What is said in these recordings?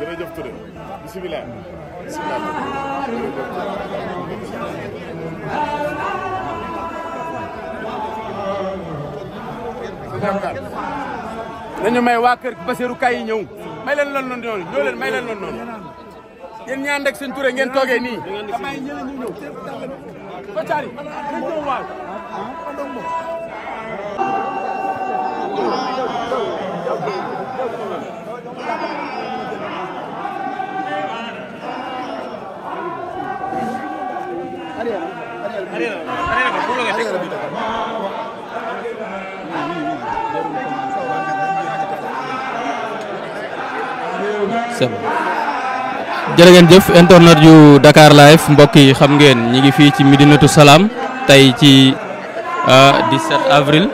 jërëjëf Touré bisimilah nañu may waa kër Bassirou Ka yi ñëw may leen loon noonu noonu ñoo may leen loon noonu yéen ñaan rek seen Touré ngeen toogee nii Bacary nañ ñëw waaw la jëf internet yu Dakar live mbokk yi xam ngeen ñi ngi fii ci Midinatu Salaam tey ci 17 ah, avril.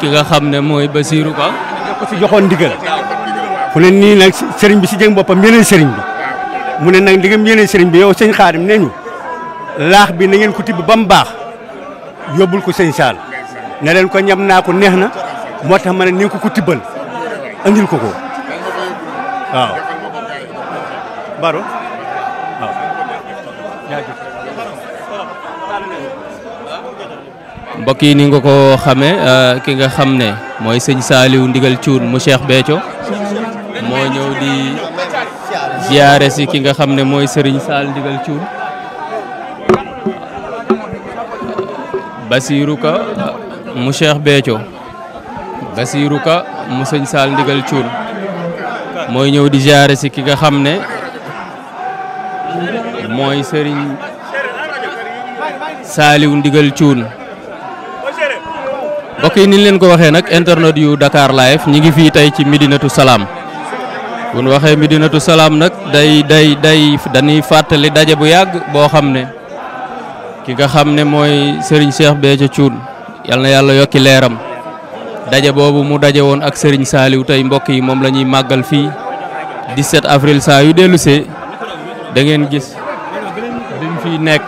ki nga xam ne mooy Basirou ko fi joxoon ndigal. fu ne nii nag sëriñ bi si jëm boppam yeneen sëriñ bi. mu ne nag ndigam yéene sëriñ bi yow sëñ xaadim ne ñu laax bi na ngeen ko tibb ba mu baax yóbbul ko sëñ Saal ne leen ko ñam naa ko neex na moo tax ma ne ni ko ko tibbal andil ko ko waaw baro waaw yi ni nga ko xamee ki nga xam ne mooy sëñ Saaliw ndigal cuun mu Cheikh Béthio ziyaare si ki nga xam ne mooy Serigne Sall ndigal Cuun Basiiru Ka mu Cheikh Béthio Basiiru mu sëñ Sall ndigal mooy ñëw di ziyaare si ki nga xam ne mooy sëriñ Saaliw ndigal Cuun mbokk yi ni leen ko waxee nag internet yu Dakar live ñi ngi fi tey ci Midinatu Salaam bu ñu waxee Medinatu Salaam nag day day day dañuy fàttali daje bu yàgg boo xam ne ki nga xam ne mooy sëriñ Cheikh Béthio Thioune yal yàlla yàlla yokki leeram daje boobu mu daje woon ak sëriñ Saliou tey mbokk yi moom lañuy màggal fii 17 afril saa yu dellusee dangeen gis bi mu fi nekk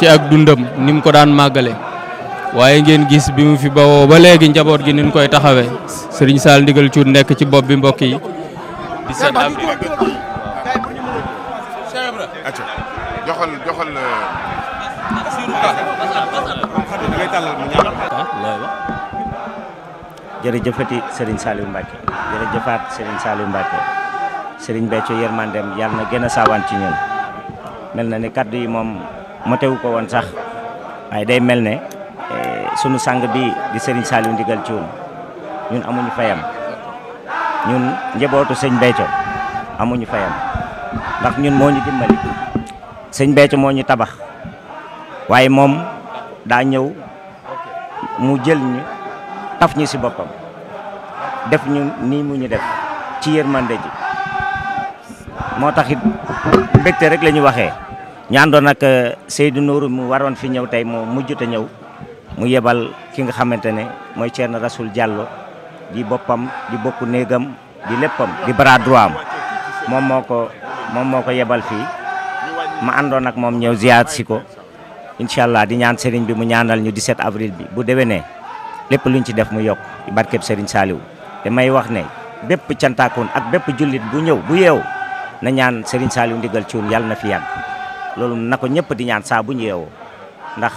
ci ak dundam ni mu ko daan màggale waaye ngeen gis bi mu fi bawoo ba léegi njaboot gi ni koy taxawe sëriñ Sall ndigal Thioune nekk ci bopp bi mbokk yi. 17 avril. acca joxal joxal. Euh, jërëjëfati Serigne Saliou Mbacke jërëjëfaat Serigne Saliou Mbacke Serigne yàlla na gën a saawaan ci ñun mel na ni kàddu yi moom motewu ko woon sax waaye day mel ne eh, sunu sang bi di Serigne Saliou ndigal ci ñun amuñu fayam. ñun njabootu sëñ Béthio amuñu fayam ndax ñun moo ñu dimbali sëñ Béthio moo ñu tabax waaye moom daa ñëw mu jël ñu taf ñu si boppam def ñu nii mu ñu def ci yërmande ji moo tax it mbégte rek la ñu waxee ñu àndoon ak euh, Seydou Nourou mu waroon fi ñëw tey moo mujj ñëw mu yebal ki nga xamante ne mooy Thierno Rasoul Diallo di boppam di bokku néegam di léppam di bras moom moo ko moom moo ko yebal fii ma àndoon ak moom ñëw ziar si ko incha allah di ñaan sëriñ bi mu ñaanal ñu 17 avril bi bu déwénee lépp luñ ci def mu yokk ci barkeb sëriñ Saliou damay wax ne bépp cantaakoon ak bépp jullit bu ñëw bu yeew na ñaan sëriñ Saliou ndigal ci woon na fi yàgg loolu na ko ñëpp di ñaan saa bu ñu ndax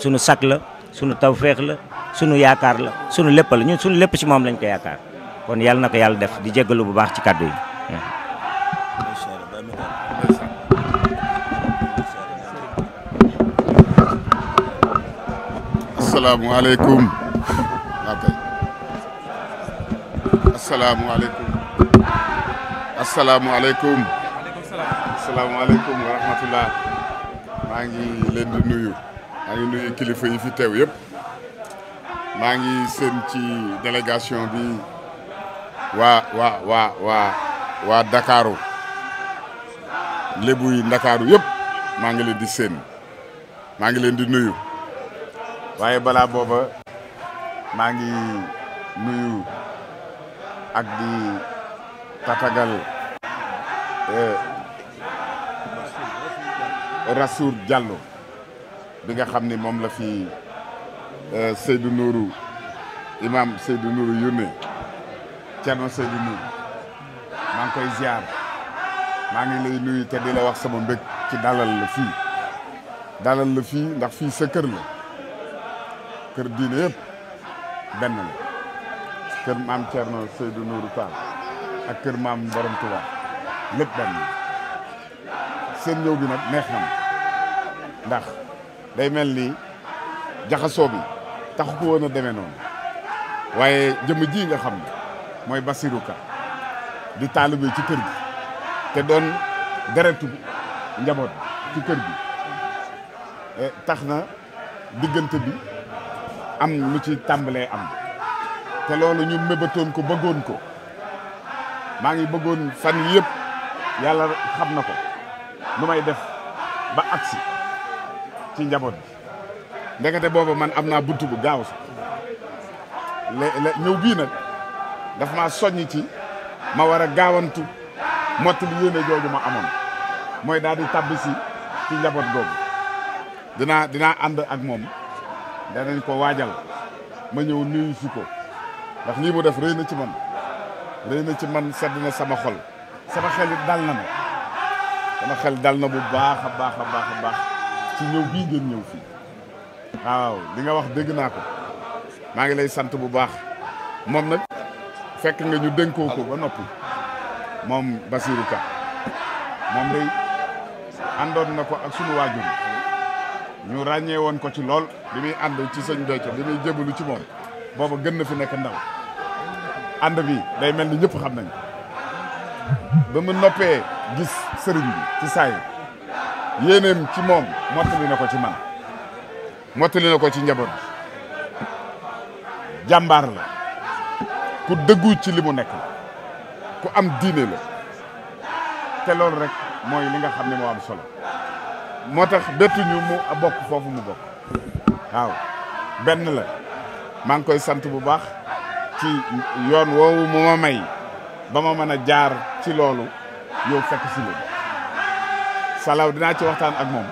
sunu sak la sunu tawféex la sunu yaakaar la sunu lépp la ñun sunu lépp ci moom lañ ko yaakaar kon yàlla na ko yàlla def di jéggalu bu baax ci kàddu yi. asalaamualeykum. asalaamualeykum. asalaamualeykum. asalaamualeykum maa ngi leen di nuyu. maa ngi nuyu kilifa yi fi teew yépp maa ngi seen ci délégation bi waa waa waa waa waa Ndakaaru lébu yi Ndakaaru yépp maa ngi leen di seen maa ngi leen di nuyu waaye balaa booba maa ngi nuyu ak di tatagal eh, Rassoul Diallo bi nga xam ni moom la fi euh, Seydou Nourou imam Seydou Nourou yónnee Thierno Seydou Nourou maa ngi koy ziar maa ngi lay nuyu te di wax sama mbég ci dalal la fii dalal fii ndax fii sa kër la kër diine benn la kër maam Thierno Seydou Nourou Tall ak kër maam Borom Touba lépp benn seen ñëw bi nag neex na ndax day mel ni jaxasoo bi taxu ko woon a demee noonu waaye jëmm ji nga xam ne mooy Bassirou Ka di taalibe ci kër gi te doon deretu njaboot ci kër gi e, tax na diggante bi am lu ci tàmbalee am te loolu ñu mébatoon ko bëggoon ko maa ngi bëggoon fan yëpp yàlla xam na ko lu may def ba agsi ci njaboot bi ndekete booba man am naa buntu bu gaaw si lé ñëw bii nag daf maa soññ ci ma war a gaawantu mott lu yéene jooju ma amoon mooy daal di tabb ci njaboot goobu dinaa dinaa ànd ak moom danañ ko waajal ma ñëw nuyu si ko ndax lii mu def rëy na ci man rëy na ci man sedd na sama xol sama xel dal na ma sama dal na bu baax a baax a ci ñëw bii ngeen ñëw fii waaw li nga wax dégg naa maa ngi lay sant bu baax moom na fekk nga ñu dénkoo ko ba noppi moom Basirou Ka moom day àndoon na ko ak sunu waajur ñu ràññee woon ko ci lool bi muy ànd ci sëñ Béthio bi muy jébalu ci moom boobu gën na fi nekk ndaw ànd bi day mel ni ñëpp xam nañ ba mu noppee gis sëriñ bi ci saay yéeneem ci moom mottali na ko ci man mottali na ko ci njaboot jàmbaar la ku ci li mu nekk ku am diine la te loolu rek mooy li nga xam ne moo am solo moo tax bettuñu mu bokk foofu benn la maa ngi koy sant bu baax ci yoon woowu mu ma may ba mën a jaar ci loolu yow fekk si incha allah dinaa ci waxtaan ak moom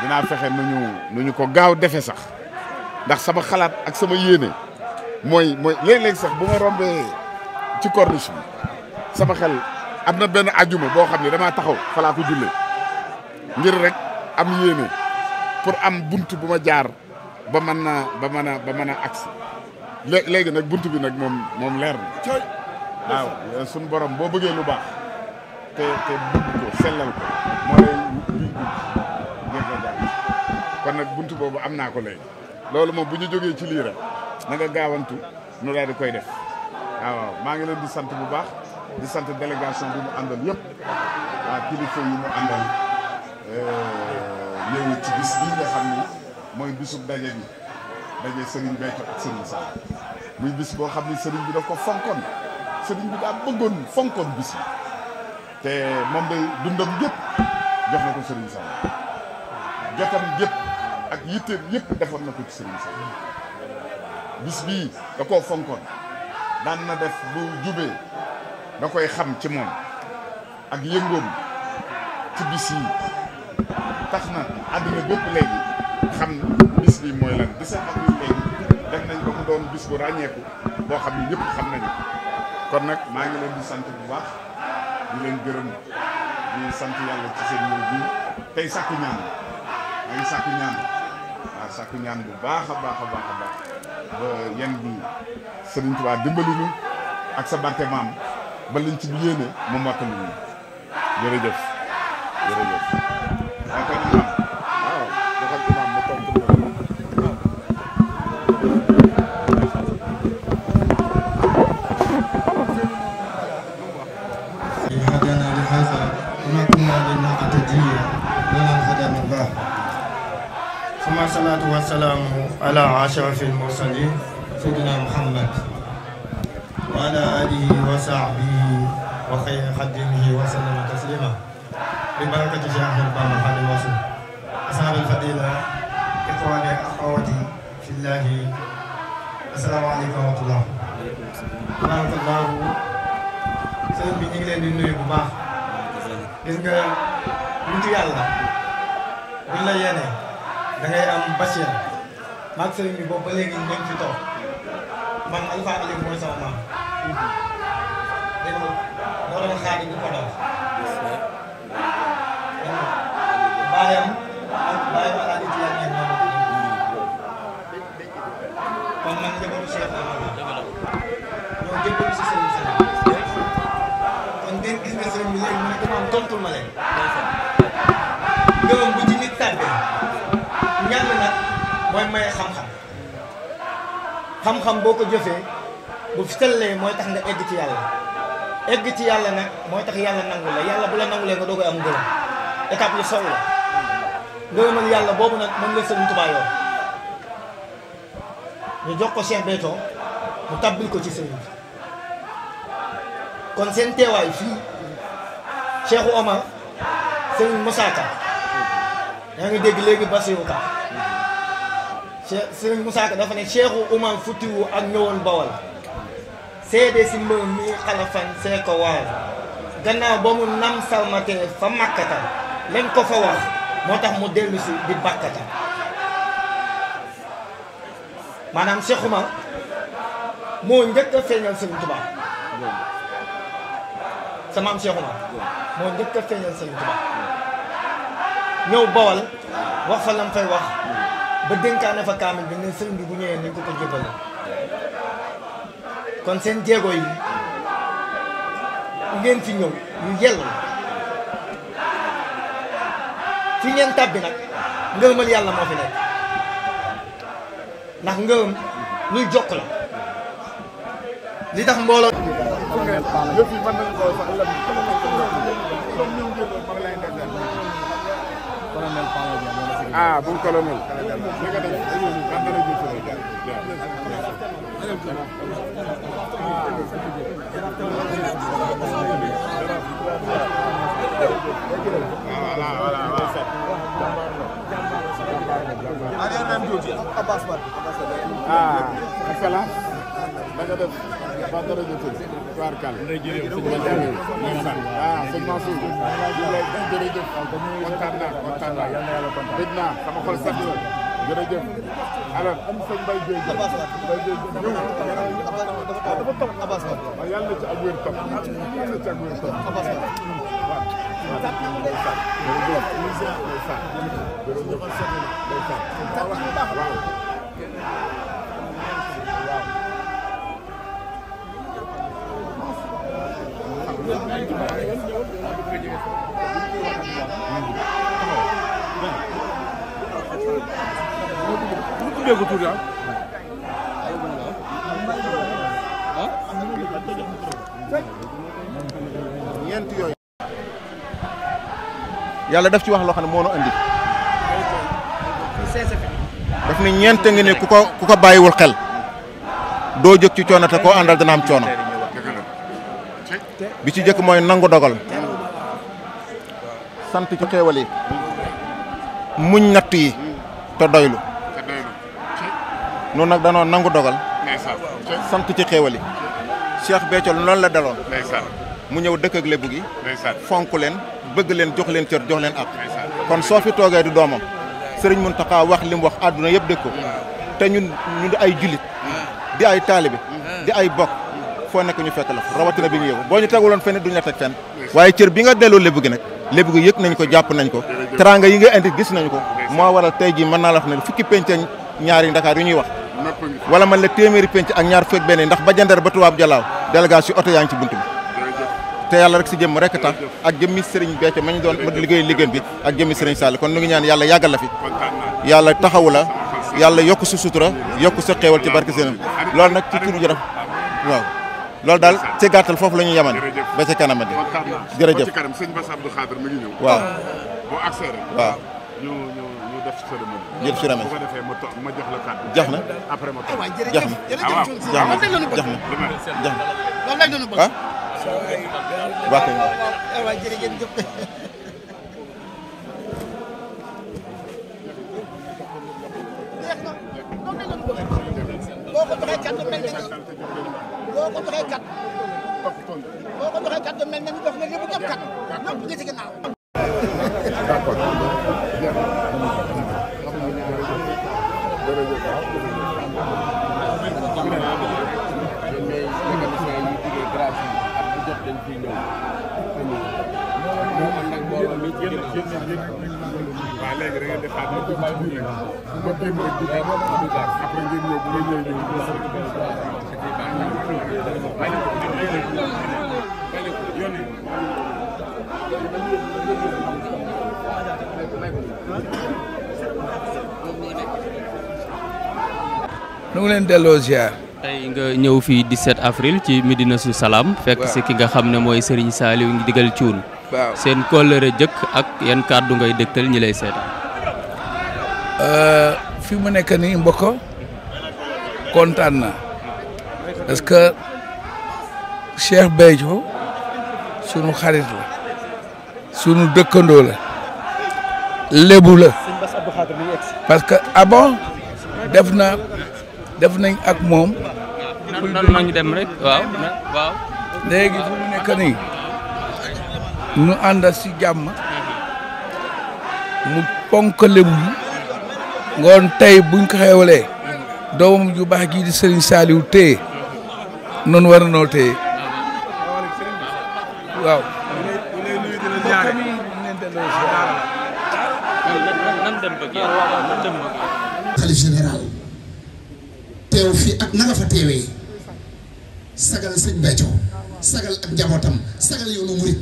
dinaa fexe nu ñu nu ko gaaw defe sax ndax sama xalaat ak sama yéene mooy mooy léeg-léeg sax bu ma rombee ci corniche bi sama xel am na benn ajuma boo xam ne damaa taxaw falaa ko jullee ngir rek am yéene pour am bunt bu ma jaar ba mën na ba mën a ba mën a agsi léegi nag bunt bi nag moom moom leer na waaw suñu borom boo bëggee lu baax te te bëgg ko sellal ko kon nag buntu boobu am naa ko léegi loolu moom bu ñu jógee ci lii rek na nga gaawantu nu daal di koy def waaw maa ngi leen di sant bu baax di sant délégation bi mu àndal yëpp waa kilifa yi mu àndal euh, ñëw ci bis bii nga xam ni mooy bisub daje bi daje sëriñ Béthio ak sëriñ Sall muy bis boo xam ni sëriñ bi daf ko fonkoon sëriñ bi daa te moom day dundam yëpp jox na ko sëriñ Sall jotam ak yitteem yëpp defoon na ko ci sëriñ sax bis bii da koo fonkoon daan na def bu jubee da koy xam ci moom ak yëngoom ci bis yi tax na àdduna bépp léegi xam bis bi mooy lan dix-sept avril léegi def nañ ko mu doon bis bu ràññeeku boo xam ne ñëpp xam nañu kon nag maa ngi leen di sant bu baax di leen gërëm di sant yàlla ci seen ñëw bi tey sàkku ñaan maa sàkku ñaan sàkku ñaan bu baax a baax a baax a baax ba yan ak sa barke maam ba liñ ci yéene suma salaatu wa salaamu ala ashrafil mursalin sayyidina muhammad wa ala alihi wa sahbihi wa xayri xadimihi wa sallama taslima bi barakati Cheikh Ahmadou Bamba Xaadimu Rasuul ashaabal fadila ixwaani axawaati fillahi assalaamu aleykum wa rahmatullah barakallahu sëñ bi ñu ngi leen di nuyu bu baax gis nga nitu yàlla buñ la yéene da ngay am bachel maag sëriñ bi boobu ba léegi ñu ngi fi toog man Alpha Aliou mooy sama maam. dégg nga moo doon xaar ñu ko dal. baayam ak baayam ak Aliou Diagne ñoom ñoo ko kon man njabootu Cheikh Amadou ñoo jëbbalu si sëriñ sëriñ kon ngeen gis nga sëriñ bi léegi mu ne dama am tontu ma leen. gërëm bu ci lenn nag xam boo ko jëfee bu fi tellee mooy tax nga egg ci nag mooy yàlla nangu la bu la nangulee nga doo koy am ngërëm étape yu sow yàlla boobu nag moom la Sëriñ Tuubaa yoon jox ko Cheikh Béthio mu tàbbil ko ci sëriñ kon seen teewaay fii Cheikh Omar Sëriñ Moussa Ka ngi dégg léegi Bassirou Ka Cheikh Serigne Moussa Ka dafa ne Cheikhu Umar futiwu ak ñëwoon Bawol seede si mbër mi xalafan see ko waaw gannaaw ba mu nam salmatee fa màkkata lañ ko fa wax moo tax mu dellusi si di bàkkata maanaam Cheikh Umar moo njëkk a feeñal Serigne Touba ñëw Bawol wax fa lam fay wax ba dénkaane fa kaamil bi ne sëriñ bi bu ñëwee nañ ko ko jébale kon seen jéego yi ngeen fi ñëw yu yell fi ngeen tàbbi nag ngërëmal yàlla moo fi nekk ndax ngërëm luy jokk la li tax mbooloo Ah, buon colonnello. Ah, ah, excellent. ba dara jotul tubaarkal ah sëñ Mansour jërëjëf kontaan naa kontaan naa dégg naa sama xol sedd na jërëjëf alors am sëñ Mbaye Dièye Mbaye Dièye ñëw dafa topp Abass waaw yàlla na ci ak wér topp yàlla na ci ak wér topp Abass waaw ñeent yooyu yàlla daf ci wax loo ne moo nu andi daf ni ñeent ngi ne ku ko ku ko bàyyiwul xel doo jóg ci coono te koo àndal dana am coono bi ci jëkk mooy nangu dogal sant ci xéewal muñ natt yi te doylu noon nag danoo nangu dogal sant ci xéewal yi Cheikh Béthio loolu la daloon mu ñëw dëkk ak lébu gi fonk leen bëgg leen jox leen cër jox leen ak kon soo fi toogee di doomam sëriñ mun Mountakha wax li mu wax àdduna yëpp dëkk ko mm. te ñun ñu di ay jullit mm. di ay taalibe mm. di ay bokk foo nekk ñu fekk la rawatina bi nga yëg boo ñu teguloon fenn duñ la teg fenn waaye cër bi nga delloo lébu gi nag lébu gi yëg nañ ko jàpp nañ ko teranga yi nga indi gis nañ ko moo waral tey jii mën naa la wax ne fukki penc ak ñaari Ndakaar yu ñuy wax wala man la téeméeri penc ak ñaar fekk benn ndax ba jandeer ba tubaab jalaaw délégation oto yaa ngi ci bunt bi te yàlla rek si jëmm rek tax ak jëmmi sëriñ Béthio ma doon ma liggéey liggéey bi ak jëmmi sëriñ Sall kon nu ngi ñaan yàlla yàggal la fi yàlla taxawu la yàlla yokk sa sutura yokk sa xéewal ci barke seenam loolu nag ci turu loolu daal ci gàttal foofu la ñuy yeman ba ci kanama di jërëjëf ci kanam sëñ Bass Abdou Khadre mu ngi ñëw waaw boo ñu def cérémonie jël ci ramé bu ko defee na après ma toog jax ah waaw ah? kay waaw jërëjëf Thank boo ko joxee kat boo ko joxee kat da mel ne ni dox nga lépp jot kat ñoom ñu ci ginnaaw. waaw léegi da ngeen di xaar ba ba ba nu ngi leen delloo ziar. tey nga ñëw fii 17 afril ci Médina Salaam. fekk si ki nga xam ne mooy sëriñ Saliou ngi digal Thioune. seen kóllëre jëkk ak yan kàddu ngay dégtal ñi lay seetaan. Euh, fi mu nekk nii mbokk kontaan na parce que Cheikh Béthio sunu xarit la sunu dëkkandoo la lébu la parce que abon def na def nañ ak moom. nan nan dem rek fu mu nekk nii ñu ànd si jàmm mu ponk lébu ngoon tey buñ ko xewalee ju baax ji di Serigne Saliou téye noonu war nañoo téye waaw. xalif général teew fii ak na fa teewee sagal sëñ Béthio sagal ak njabootam sagal yoonu murit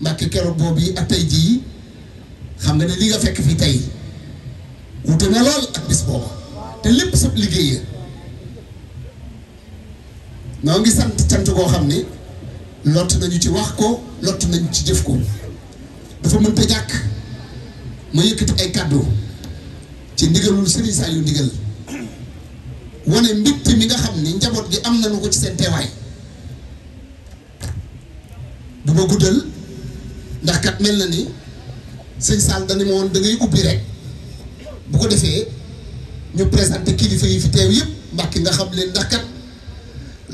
mbàkk keroog boobu yi ak tey jii xam nga ne li nga fekk fii tey wute na lool ak bis booba te lépp sab liggéey noo ngi sant sant koo xam ni lott nañu ci wax ko lott nañu ci jëf ko dafa mënta ñàkk ma yëkkati ay kàddu ci ndigalul Serigne Saliou ndigal wane mbégte mi nga xam ni njaboot gi am nañu ko ci seen teewaay du ma guddal ndax kat mel na ni sëñ Sall dani ma dangay da rek bu ko defee ñu présenté kilifa yi fi teew yëpp mbàkki nga xam leen ndax kat.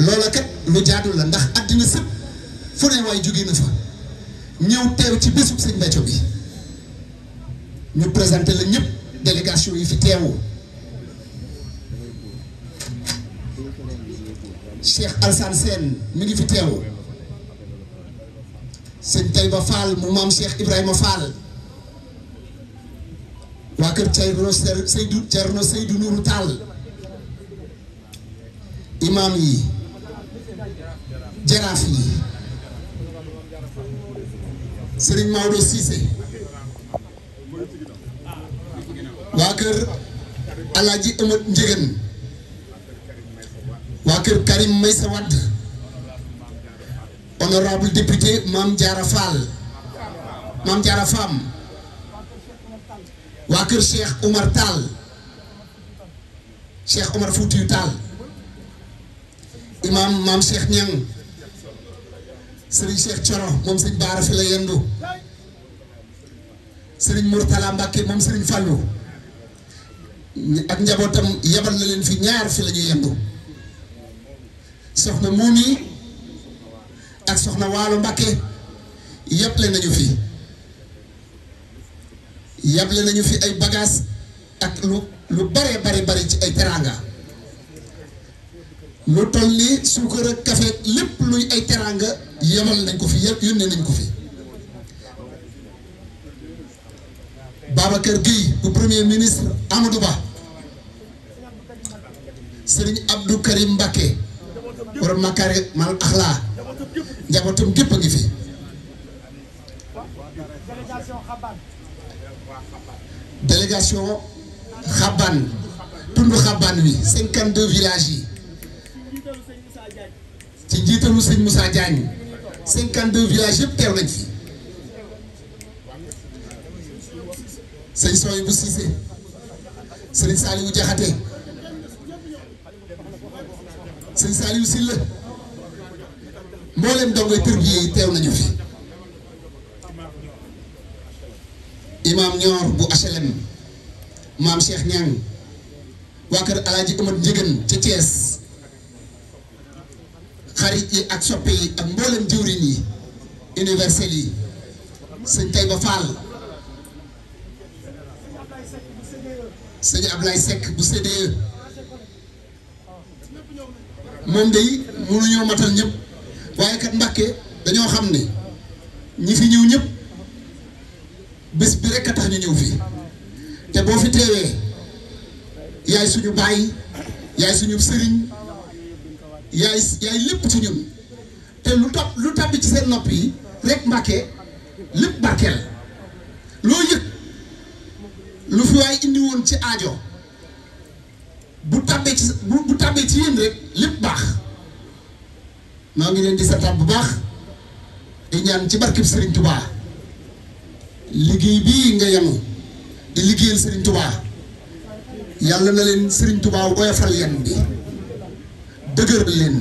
loola kat lu jaadu la ndax àddina sëpp fu ne waay jóge na fa ñëw teew ci bésub sëñ Béthio bi ñu présenté la ñëpp délégation yi fi teewoo Cheikh Alsane Sène mi ngi fi teewoo sëñ Taïba Fall mu maam Cheikh Ibrahima Fall waa kër Thierno Seydou Thierno Seydou Nourou Tall imaam yi jaraaf yi sëriñ Maodo Cissé waa kër Alaaji Amat Njëgën waa kër Karim Meïssa Wade honorable député Mame Diarra Fall Mame waa kër Cheikh Oumar Tall Cheikh Oumar Foutiou Tall imam Mame Cheikh Niang sëriñ Cheikh coro moom sëriñ Baara fi la yendu sëriñ Mourtala Mbacke moom sëriñ Fallou ak njabootam yabal na leen fi ñaar fi la ñuy yendu soxna Moumi ak soxna Waalo Mbacke yable nañu fi yable nañu fi ay bagages ak lu lu bare bare bare ci ay teraanga. lu toll ni suukar ak café lépp luy ay teraanga yemal nañ ko fi yëpp yónnee nañ ko fi Babacar Guèye bu premier ministre Amadou Ba sëriñ Abdou Karim Mbacké war makari mal axlaa njabootam gépp a ngi fi délégation xaban tund xaban wi cinquante deux villages yi ci jiitalu sëñ Moussa Diagne 52 villages yëpp teew nañ fi sëñ Soy bu Cissé sëñ Saliou Diakhaté sëñ Saliou Silla mboolem dongoy tërbiye yi teew nañu fi imam Nior bu HLM maam Cheikh Niang waa kër El Hadj Omar Ndiégane ca Thiès. xarit yi ak soppe yi ak mboolem jëwriñ yi universel yi sëñ Taïba Fall sëñ Ablaye Seck bu CDE moom day mënuñoo matal ñëpp waaye kat Mbàkke dañoo xam ne ñi fi ñëw ñëpp bés bi rek tax ñu ñëw fii te boo fi teewee yaay suñu bàyyi yaay suñu sëriñ yaay yaay lépp ci ñun te lu topp lu tàbbi ci seen nopp yi rek mbàkke lépp barkeel loo yëg lu fi waay indi woon ci aajo bu tàbbee ci bu bu ci yéen rek lépp baax maa ngi leen di sataat bu baax di ñaan ci barkeb Serigne tubaa liggéey bii nga yenu di liggéeyal Serigne Touba yàlla na leen Serigne Touba woyofal yenn bi dëgëral leen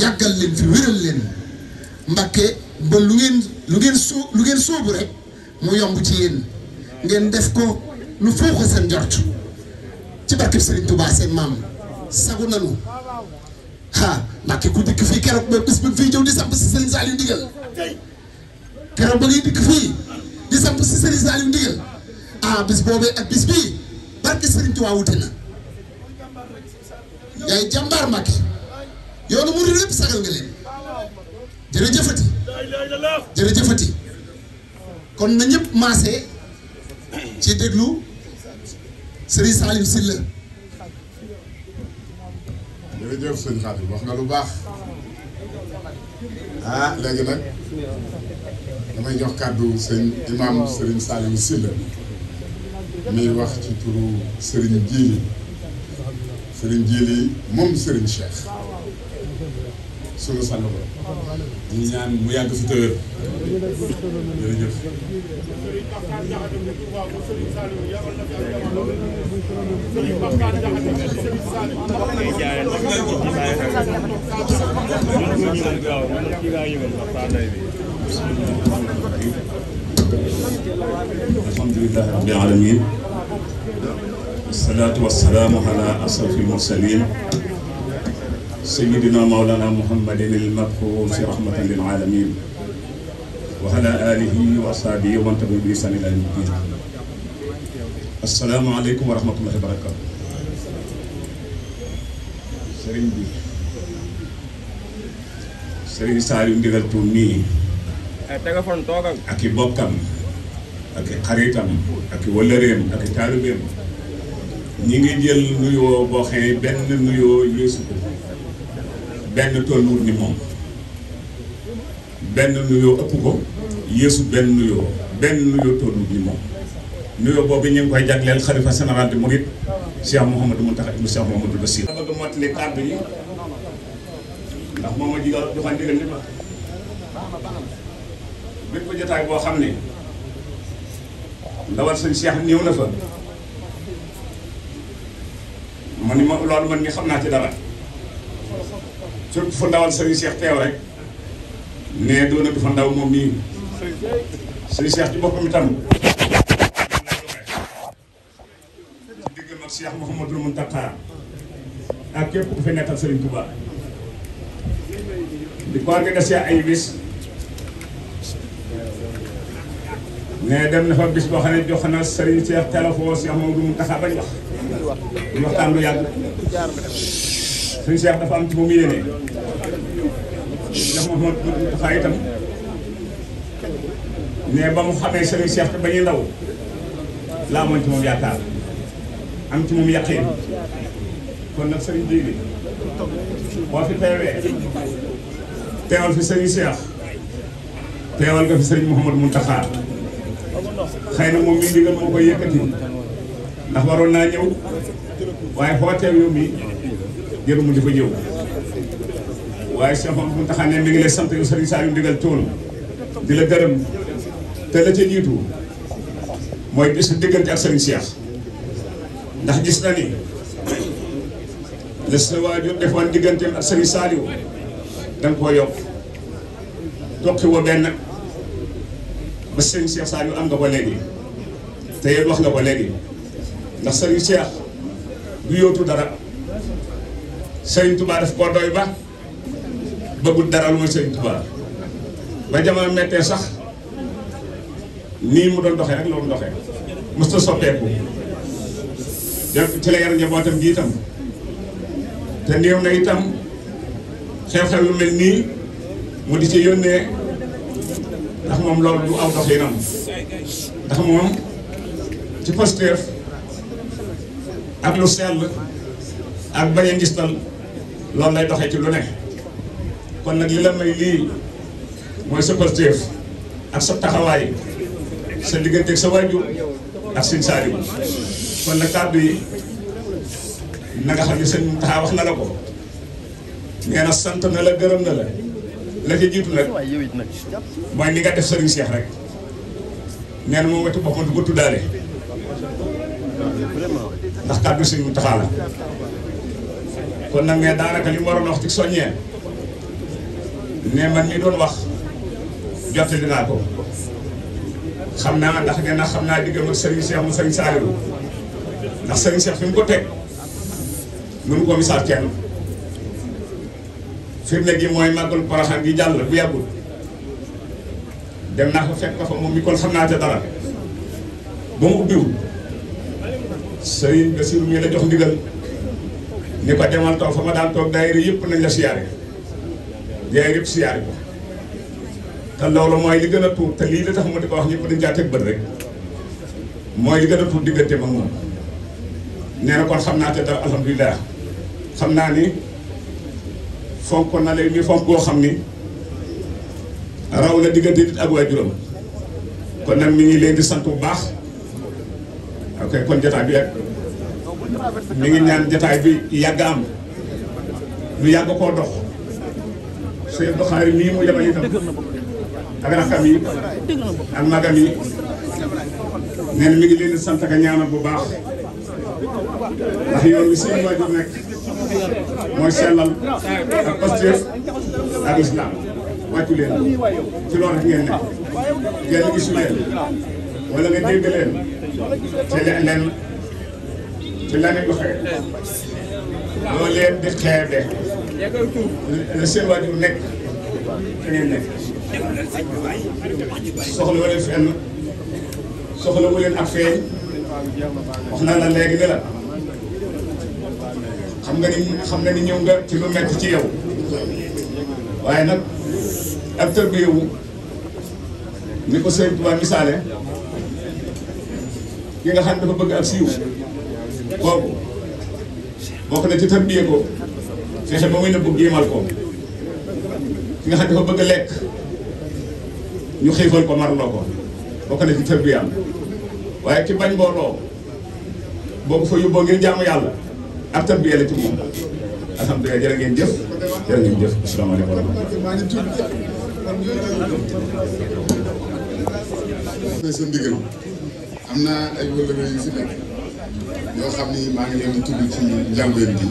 yàggal leen fi wéral leen mbakke ba lu ngeen lu ngeen soo lu ngeen soogu rek mu yomb ci yéen ngeen def ko lu ko seen njort ci barkeb Serigne baa seen maam sagu nanu ah Mbàkke ku dikk fii keroog ba bis ba fii ñëw di samp si Serigne Saliou ndigal keroog ba ngay dikk fii di samp si Serigne Saliou ndigal ah bis boobee ak bis bii barke Serigne Touba wute na. yaay jàmbaar Mbàkke yoonu murid lépp sagal nga leen jërëjëfati jërëjëfati kon na ñëpp maase ci déglu Serigne Saliou Sylla jërëjëf sëñ Xaadim wax nga lu baax ah léegi nag damay jox kàddu sëñ imaam Serigne Saliou Sylla muy wax ci turu Serigne Jiili sëriñ Jili moom sëriñ Cheikh sunu sànn ko ñu ñaan mu yàgg fi tëwër jërëjëf alhamdulilah rabbil alamin wasalaatu wasalaamu ala asrafi almursalin sayidina maulana muhammadin almabxuusi rahmatan lil alamin wa ala alihi wa ashabihi wa man tabi'ahum bi ihsan ila yawmi ddin asalaamu aleykum wa rahmatullahi wa barakatu sëriñ bi sëriñ Saliou Ndigal Tour nii ak i bokkam ak i xaritam ak i wëllëreem ak i taalibeem ñi ngi jël nuyoo boo xëyee benn nuyoo yéesu ko benn tolluwut ni moom benn nuyoo ëpp ko yéesu benn nuyoo benn nuyoo tolluwut ni moom nuyoo boobu ñu ngi koy jagleel xalifa général de Mouride Cheikh Mouhamadou Mountakha ibnu a mottali a jigal joxoon ndigal ni ma bépp jotaay boo xam ne ndawal sëñ Cheikh néew na fa. man ni ma loolu man mi xam naa ci dara surtout fa ndawal sëriñ Cheikh teew rek ne doona du fa ndaw moom mii sëriñ Cheikh ci boppam itam ci digg mag Cheikh Mouhamadul ak képp ku fi nekkal sëriñ Touba di ko organisé ay bis ne dem na fa bis boo xam ne jox na sëriñ Cheikh téléphone Cheikh Mouhamadul Mountakha bañ wax wax ñu waxtaan lu yàgg suñu seex dafa am ci moom yéene daf ma ma ba mu xamee suñu seex te ba ñuy ndaw laa amoon ci moom yaakaar am ci moom yaqiin kon nag sëriñ Jiili boo fi teewee teewal fi sëriñ Seex teewal nga fi sëriñ Mouhamadou Mountakha xëy na moom mii ndigal moo koy yëkkati ndax waroon naa ñëw waaye xooteew yow mi jëru mu di fa ñëw waaye Cheikh Mamadou Mountakha ne mi ngi lay sant yow Serigne Saliou ndigal tool di la gërëm te la ca mooy bis diggante ak Serigne Cheikh ndax gis na ni la sa waajur defoon digganteem ak Serigne Saliou da nga koo yokk tokki woo benn ba Serigne Cheikh Saliou am nga ko léegi te yéen wax nga ko léegi ndax sëriñ Cheikh du yóotu dara sëriñ Touba daf koo doy ba bëggul dara lu sëriñ Touba ba jamono mettee sax nii mu doon doxee rek loolu doxee mës ta soppeeku ci la yar njabootam itam te néew na itam xew-xew yu mel nii mu di ci yónnee ndax moom loolu du aw doxinam ndax moom ci postéef ak lu sell ak bañ a ngistal loolu lay doxee ci lu ne kon nag li la may lii mooy sa pastéef ak sa taxawaay sa diggante ak sa waajur ak sëñ Saaliw kon nag kàddu yi na xam ne sëñ Muntaxa wax na la ko nee sant na la gërëm na la la ci jiitu mooy li nga def sëriñ Seex rek nee moom wetu boppam du ko ndax kàddu suñu taxaa la kon nag ne daanaka li mu waroon wax ci soññee ne man mi doon wax jottali naa ko xam naa ndax nee na xam naa diggam ak Serigne Cheikh mu Serigne Saliou ndax Serigne Cheikh fi mu ko teg mënu ko misaal kenn gi mooy màggal Porokhane gi jàll bu yàggul dem naa ko fekk ko fa moom mi kon xam naa ca dara ba mu ubbiwul Serigne Bassirou mi la jox ndigal ni ko demal fa ma daan toog daayira yëpp nañ la siyaare daayira yëpp siyaare ko te loolu mooy li gën a tuur te lii la tax ma di ko wax ñëpp dañ a tuur diggante ma moom nee na naa te fonk na leen ni fonk goo xam ni raw na diggante nit ak waajuram kon nag mi ngi leen di sant bu baax ok kon jotaay bi yàgg mi ngi ñaan jataay bi yàgg am lu yàgg koo dox sëñ Abdou Khadre nii mu yabal itam ak rakkam yi ak magam yi nee ngi leen di sant ak bu baax ndax yoon wi suñu waajur nekk mooy sellal ak pasteur ak islam wàccu leen ci loolu rek ngeen nekk ngeen gis leen wala nga dégg te leneen ci la ñu doxee loo la seen waajur leen fenn soxla wu wax naa nga xam nga ni ñëw nga ci lu metti ci yow waaye nag ab tër bi ni ko sëñ Tuubaa misaale ki nga xam dafa bëgg ak siiw kooku bokk na ci tarbiyee ko fexe ba muy nëbbu géemal ko ki nga xam dafa bëgg lekk ñu xiifal ko marloo ko bokk na ci tarbiyaam waaye ki bañ mbooloo boo ko fa yóbboo ngir jaamu yàlla ak tarbiya la ci moom alhamdulilah jërë ngeen jëf jërë ngeen jëf asalaamaaleykum wa rahmatulah. sa ndigal am na ay wëllëgee yu si nekk yoo xam ni maa ngi leen di tudd ci njàlbeen bi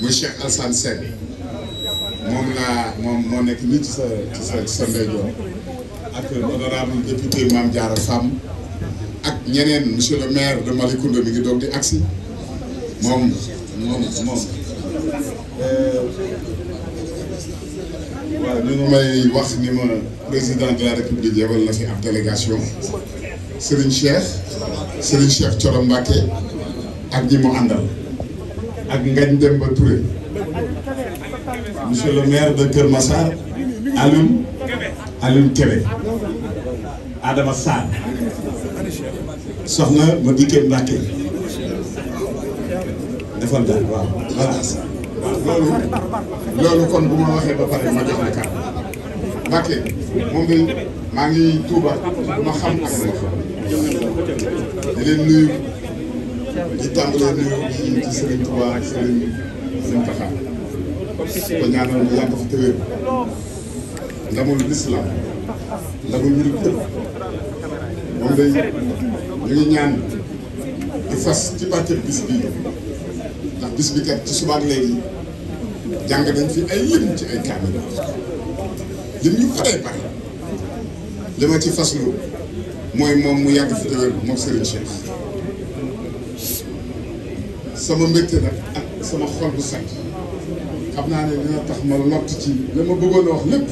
muy Cheikh Alassane Seck moom laa moom moo nekk nii ci sa ci sa ci sa ndeyjoor ak honorable député Mame Diarra Fam ak ñeneen monsieur le maire de Malicounda mi ngi doog di agsi moom moom moom euh, waaw ñu may wax ni ma président de la république yebal na fi ab délégation Serigne Cheikh Serigne Cheikh Thioro Mbacké ak ñi mu àndal ak Ngagne Demba Touré monsieur le maire de Massar Alioune Alioune Kébé Adama Sarr soxna ma dikkee Mbacké defal daal loolu loolu kon bu ma waxee ba pare ma jox la kàddu moom bi maa ngi Touba ma xam ak ma xam di leen nuyu di tàmbalee nuyu ci Serigne Touba ak Serigne Serigne Taxa ko ñaanal mu yàgg fi tëwéer ndamul lislaam ndamul murit yëpp moom day ñu ñaan di fas ci barkeb bis bi ndax bis bi kat ci subaak léegi jàng nañ fi ay lim ci ay kaamil lim yu paree pare li ma ci fas lu mooy moom mu yàgg fi tawér moom Serigne Cheikh sama mbégte ak sama xol bu sant xam naa ne dina tax ma nott ci la ma bëggoon a wax lépp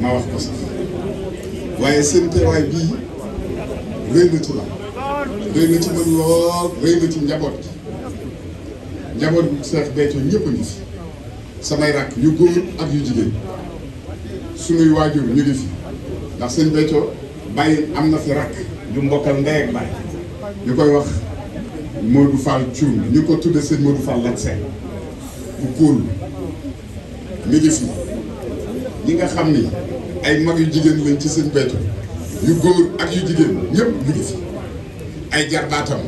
ma wax ko sax waaye seen teewaay bii rëy na ci la rëy na ci man lool rëy ci njaboot gi njaboot bu Seex Béthio ñëpp a ngi fi samay rakk yu góor ak yu jigéen sunuy waajur ñu ngi fi ndax seen Béthio bàyyi am na fi rakk ñu mbokkal ndey ak bàyyi ñu koy wax Modou Fall Thioune ñu ko tudde sëñ Modou Fall Lat Seen bu kóol mi ngi fi ñi nga xam ni ay mag yu jigéen lañ ci sëñ Béthio yu góor ak yu jigéen ñëpp mi ngi fi ay jarbaatam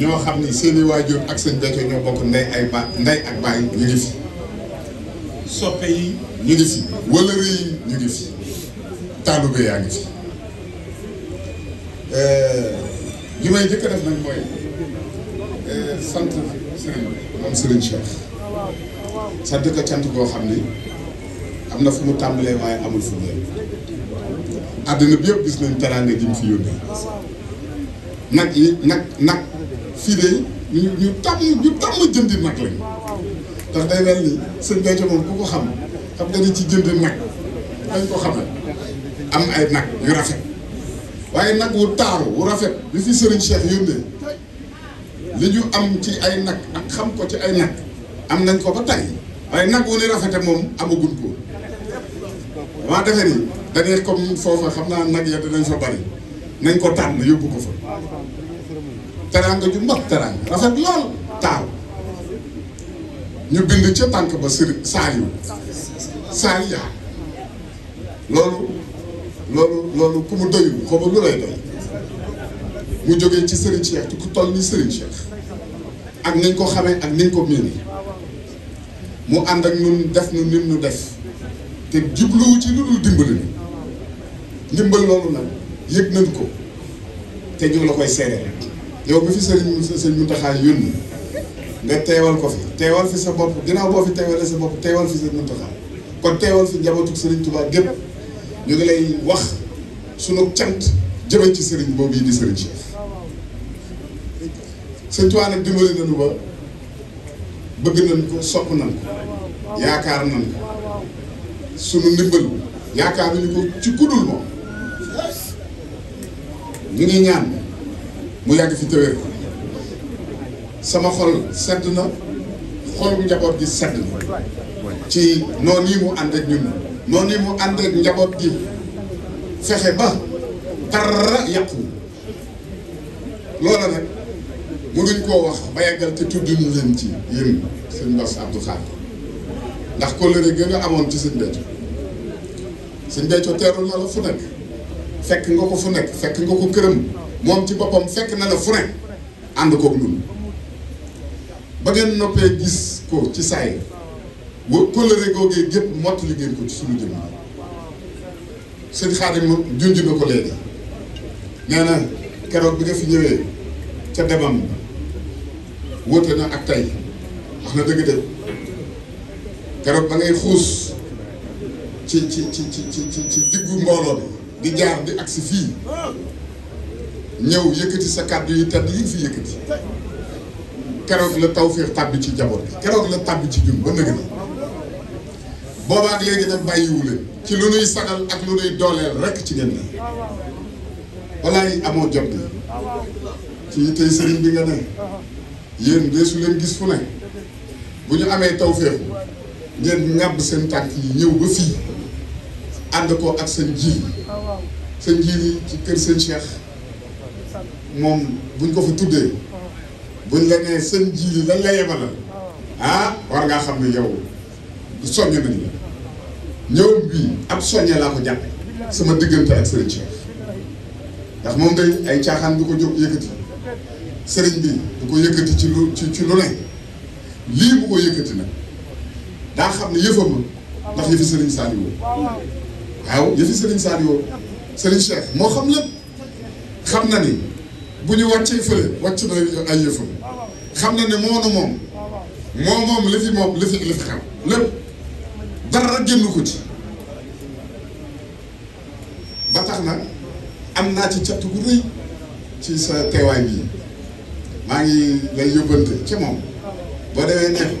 ñoo xam ni seeni waajur ak sëñ Béthio ñoo bokk ndey ay ba ndey ak bàyyi ñu ngi fi soppe yi ñu ngi fi wëlëre yi ñu ngi fi taalube yaa ngi fi Euh, li may jëkk a def nag mooy euh, sant sëriñ moom sëriñ Cheikh sant ko cant goo xam ni am na fu mu tàmbalee waaye amul fu mu àddina bi yëpp gis nañ teraanga ji mu fi yónnee nag yi nag nag fii de ñu ñu tàmm ñu tàmm jëndi nag lañ ndax day mel ni sëñ Béthio ku ko xam xam nga ni ci jënd nag dañ ko xamal am ay nag yu rafet waaye nag wu taaru wu rafet li fi Serigne Cheikh yónnee li ñu am ci ay nag ak xam ko ci ay nag am nañ ko ba tey waaye nag wu ni rafete moom amaguñ ko waa defe ni dañuy comme foofa xam naa nag ya dinañ fa bari nañ ko tànn yóbbu ko fa teraanga ju mbat teraanga rafet lool taaru ñu bind ca tànk ba Serigne Saliou Saliou loolu loolu loolu ku mu doyul xaw ma lu lay doy mu jógee ci Serigne Cheikh ci ku toll ni Serigne Cheikh ak nañ ko xamee ak nañ ko miin mu ànd ak ñun def nu nim nu def te jubluwu ci lu dul dimbali ni ndimbal loolu nag yëg nañ ko te ñu la koy seedeel yow mi fi Serigne Serigne Mountakha yónni nga teewal ko fi teewal fi sa bopp dinaa boo fi teewalee sa bopp teewal fi Serigne Mountakha kon teewal fi njabootu Serigne Touba gépp ñu ngi lay wax sunu cant jëme ci sëriñ boobu yi di sëriñ Cheikh sëñ Tuubaa dimbali nañu ba bëgg nañ ko sopp nañ ko yaakaar nañ ko sunu ndimbal yaakaar nañu ko ci kuddul moom ñu ngi ñaan mu yàgg fi tëwéer ko sama xol sedd na xol bu njaboot gi sedd na ci noonu yi mu ànd ak ñun noonu mu ànd ak njaboot gi fexe ba dara yàqu loola nag mënuñ koo wax ba yàggal te tudd ñu leen ci yéen sëñ Bass Abdou Khadre ndax kóllëre gën a amoon ci sëñ Béthio sëñ Béthio teerul na la fu nekk fekk nga ko fu nekk fekk nga ko këram moom ci boppam fekk na la fu nekk ànd koog ñun ba ngeen noppee gis ko ci saay woo kóllëre googee gépp mottali ngeen ko ci suñu jëm sëñ Xaadim junj na ko léegi nee na keroog bi nga fi ñëwee ca demam wóote na ak tey wax na dëgg de keroog ba ngay xuus ci ci ci ci ci ci diggu mbooloo bi di jaar di agsi fii ñëw yëkkati sa kàddu yi tedd yi fi yëkkati keroog la tawféex tàbbi ci jaboot bi keroog la tàbbi ci jun ba nëgg na boobaa ak léegi nag bàyyiwu leen ci lu nuy sagal ak lu nuy dooleel rek ci ngeen ne walaay amoo jot na ci tey sëriñ bi nga ne yéen deesu leen gis fu ne bu ñu amee tawféexu ngeen ñàbb seen tànk yi ñëw ba fii ànd ko ak seen ji seen ji ci kër moom buñ ko fa tuddee buñ la nee la ah, war ngaa xam ne yow soññ nañ la. ñëwam bii ab soññee laa ko jàppe sama diggante ak sëriñ Cheikh ndax moom day ay caaxaan du ko jóg yëkkati sëriñ bi du ko yëkkati ci lu ci ci lu ne lii bu ko yëkkati nag daa xam ne yëfam ndax yëfi sëriñ Saliou waaw yëfi sëriñ Saliou sëriñ Cheikh moo xam lépp xam na ni bu ñu wàccee fële wàcc na ay yëfam xam na ne moom moo moom li fi moom li fi xam lépp dara génn ko ci ba tax na am naa ci catu bu rëy ci sa teewaay bii maa ngi lay yóbbante ci moom boo demee neex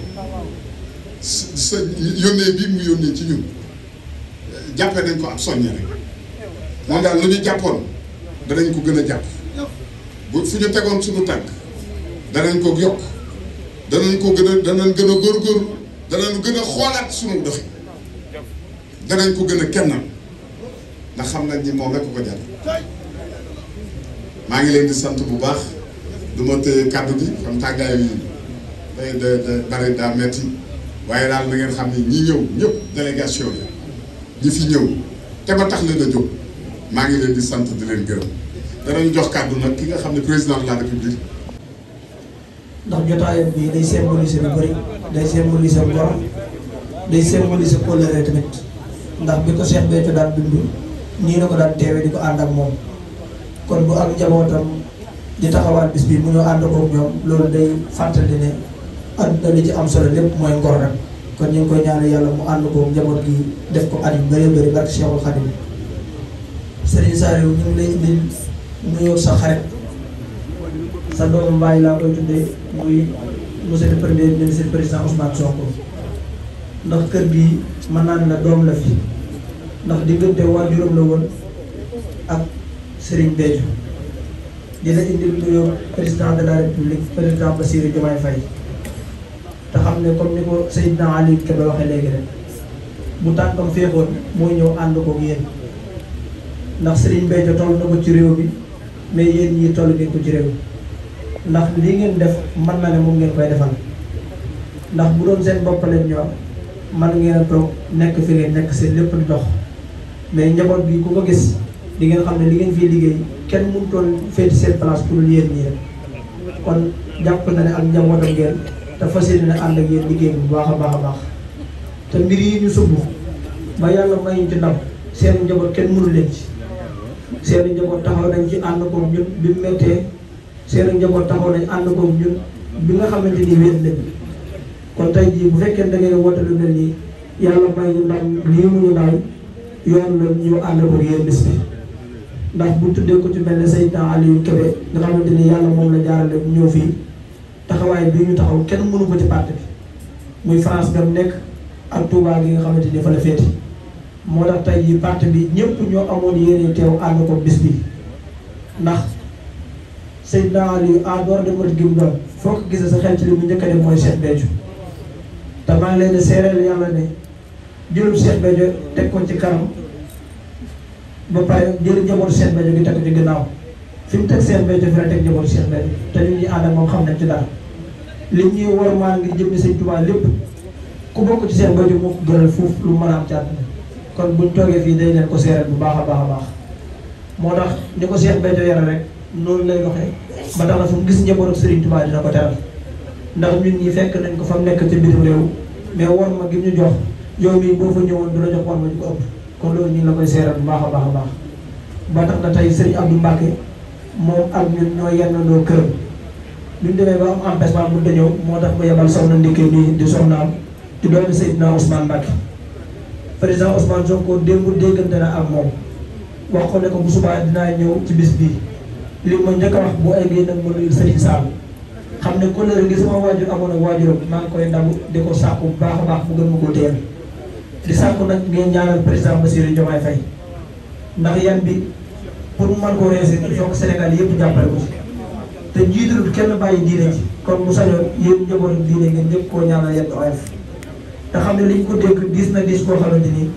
sa yónnee bii mu yónnee ci ñun jàppee nañ ko ab soññe rek moom daal lu ñu jàppoon danañ ko gën a jàpp bu fu ñu tegoon suñu tànk danañ ko yokk danañ ko gën a danañ gën a góorgóorlu danañ gën a xoolaat suñu doxi danañ ko gën a kennal ndax xam na ni moom rek ko jar maa ngi leen di sant bu baax du ma kàddu gi xam tàggaay yi day da da bari daa metti waaye daal na ngeen xam ni ñi ñëw ñëpp délégation la ñi fi ñëw te ba tax leen a jóg maa ngi leen di sant di leen gërëm danañ jox kàddu nag ki nga xam ne président de la république. ndax jotaayam bi day symboliser lu bëri day symboliser borom day symboliser tamit. ndax bi ko Cheikh Béthio daan dund nii la ko daal teewee di ko ànd moom kon bu ak njabootam di taxawaat bis bi mu ñëw ànd koog ñoom loolu day fàttali ne àdduna li ci am solo lépp mooy ngor rek kon ñu ngi koy ñaanal yàlla mu ànd koog njaboot gi def ko at yu bëree bëri barke Cheikhul Khadim Serigne Saliou ñu ngi lay indil nuyoo sa xarit sa doomu mbaay laa koy tuddee muy monsieur le premier ministre président Ousmane Sonko. ndax kër gi mën naan la doom la fi ndax diggante waajuram la woon ak sëriñ Béthio dina indil nuyoo président de la république président Bassirou Diomaye Faye te xam ne comme ni ko Seydina Ali Kébé waxee léegi rek bu tànkam féexoon mooy ñëw ànd ko yéen ndax Serigne Béthio toll na ko ci réew bi mais yéen ñii toll ngeen ko ci réew ndax lii ngeen def man na ne moom ngeen koy defal ndax bu doon seen bopp leen ñoo man ngeen a toog nekk fi ngeen nekk seen lépp di dox mais njaboot bi ku ko gis di ngeen xam ne li ngeen fii liggéey kenn mënutoon féeti seen place pour yéen ñi kon jàpp na ne ak njabootam ngeen te fas yéene ne ànd liggéey bu baax a baax a baax te yàlla mayuñ ci ndam seen njaboot kenn mënu leen ci seen njaboot taxaw nañ ci ànd koog ñun bi mu méttee seen njaboot taxaw nañ ànd bi nga xamante ni wéet nañ kon tey jii bu fekkee da ngay woote lu mel nii yàlla may ñu lii mu ñu daal yoon la ñu ànd ko yéen bis ndax bu tuddee ko ci mel ne Seydina Aliou Kébé nga xamante ni yàlla moom la jaarale bu ñëw fii taxawaay bii ñu taxaw kenn mënu ko ci parti bi muy France gam nekk ak Touba gi nga xamante ni fa la féete moo tax tey jii parti bi ñëpp ñoo amoon yéene teew ànd ko bis bi ndax Seydina Aliou en dehors de mot gi mu doon foo ko gisee sa xel ci li mu njëkk a dem mooy te maa ngi leen di seereel yàlla ne jëlum Cheikh Béthio teg ko ci kanam ba pare jël njabootu Cheikh Béthio gi teg ko ci gannaaw fi mu teg Cheikh Béthio fi la teg njabootu xam nañ ci li ñuy war maa ngir jëm ni Sëñ Tuubaa ku bokk ci Cheikh Béthio moo gënal fuuf lu mën a am ci àdduna kon buñ toogee fii day leen ko seereel bu baax a baax a baax moo tax ni ko Cheikh Béthio yara rek loolu lay doxee ba tax mu gis njabootu Sëriñ Tuubaa dina ko teral ndax ñun ñi fekk nañ ko fa mu nekk ci bitim réew mais war ma gi ñu jox yow mii boo fa ñëwoon du la jox war ma ñu ko ëpp kon loolu ñu ngi la koy seeral bu baax a baax a baax ba tax na tey sëriñ Abdou Mbacke moom ak ñun ñoo yennandoo këram bi mu demee ba am empêchement bu dañëw moo tax mu yebal soxna ndikkee nii di soxnaam di doomi Seydina Ousmane Mbacke président Ousmane Sonko démb déggante na ak moom wax ko ne ko bu subaa dinaa ñëw ci bis bii li ma njëkk a wax bu eggee nag ma nuyu sëriñ Sall xam ne kóllëre gis sama waajur amoon ak waajuram maa ngi ko ndamu di ko sàkku bu baax a baax mu gën ma ko teel di sàkku nag ngeen ñaanal président Bassirou Diomaye Faye ndax yan bi pour mu mën koo réussir il faut que Sénégal yëpp jàppale ko ci te jiitalul kenn bàyyi diine ci kon mu sañoon yéen njabootu diine ngeen ñëpp koo ñaanal yenn oyof te xam ne liñ ko dégg diis na diis koo xamante ni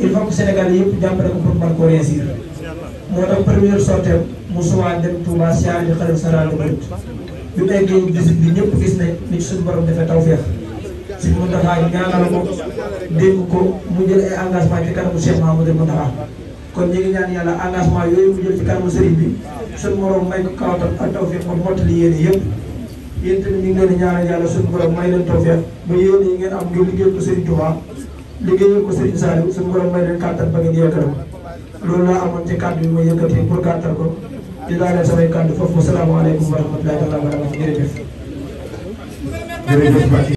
il faut que Sénégal yëpp jàppale ko pour mën koo réussir moo tax première sortie mu suwaan dem Touba siyaare bi xalif général des bi mu nekkee visite bi ñëpp gis ne ni suñu borom defee tawféex si Mountakha ñaanal ko mu ko mu jël ay engagement ci kanamu Cheikh Mahamadou Mountakha kon ñu ngi ñaan yàlla engagement yooyu mu jël ci kanamu sëriñ bi suñu borom may ko kawtal ak tawféex ba mottali yéene yëpp yéen tamit ñu ngi leen ñaanal yàlla suñu borom may leen tawféex ba yéen yi ngeen am ngir liggéeyal ko Serigne Touba liggéeyal ko Serigne Saliou suñu borom may leen kàttan ba ngeen yëkkati ko loolu laa amoon ci kàddu yi ma yëkkati pour gàttal ko di daaneel samay kàddu foofu wasalaamaaleykum wa rahmatulah wa rahmatulah jërëjëf. jërëjëf Mbacke.